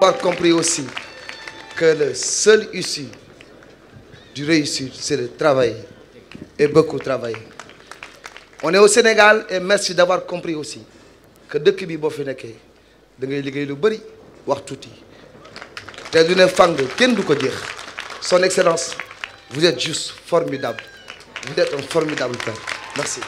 avoir compris aussi que le seul issue du réussite, c'est de travailler et beaucoup travailler. On est au Sénégal et merci d'avoir compris aussi que dëkk bi boo fi nekkee da ngay liggéey lu bëri wax tuuti te lu ne fàng kenn du ko jeex son excellence vous êtes juste formidable vous êtes un formidable père merci